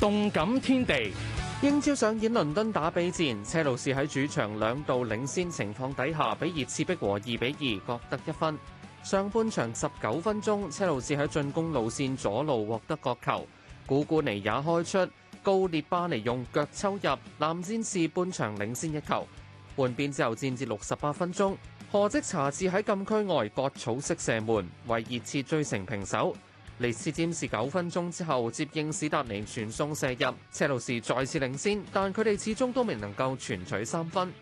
動感天地，英超上演倫敦打比戰，車路士喺主場兩度領先情況底下，俾熱刺逼和二比二各得一分。上半場十九分鐘，車路士喺進攻路線左路獲得角球，古古尼也開出，高列巴尼用腳抽入，藍戰士半場領先一球。換邊之後戰至六十八分鐘，何即查治喺禁區外割草式射門，為熱刺追成平手。列斯占士九分鐘之後接應史達尼傳送射入，車路士再次領先，但佢哋始終都未能夠全取三分。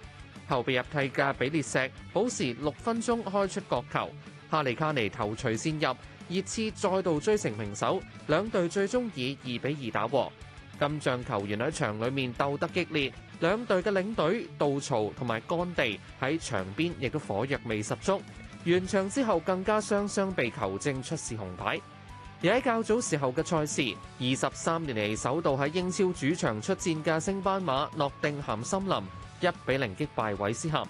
後備入替嘅比列石補時六分鐘開出角球，哈利卡尼頭槌先入，熱刺再度追成平手。兩隊最終以二比二打和。金像球員喺場裏面鬥得激烈，兩隊嘅領隊杜曹同埋干地喺場邊亦都火藥味十足。完場之後更加雙雙被球證出示紅牌。而喺較早時候嘅賽事，二十三年嚟首度喺英超主場出戰嘅升班馬諾定咸森林一比零擊敗韋斯咸。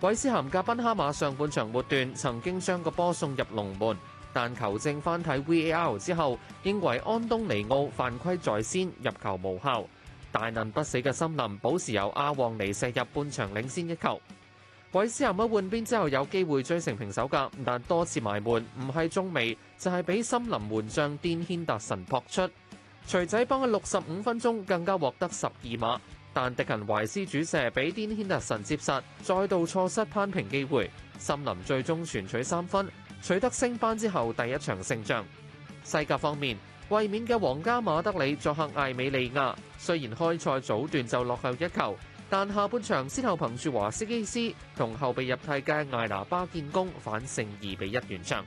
韋斯咸嘅賓哈馬上半場末段曾經將個波送入龍門，但球證翻睇 VAR 之後，認為安東尼奧犯規在先，入球無效。大難不死嘅森林補時由阿旺尼射入，半場領先一球。韋斯咸一換邊之後有機會追成平手噶，但多次埋門，唔係中美，就係、是、俾森林門將甸軒達臣撲出。錘仔幫嘅六十五分鐘更加獲得十二碼，但迪肯懷斯主射俾甸軒達臣接殺，再度錯失攀平機會。森林最終全取三分，取得升班之後第一場勝仗。西甲方面，衛冕嘅皇家馬德里作客艾美利亞，雖然開賽早段就落後一球。但下半場先後憑住華斯基斯同後備入替嘅艾拿巴建功，反勝二比一完場。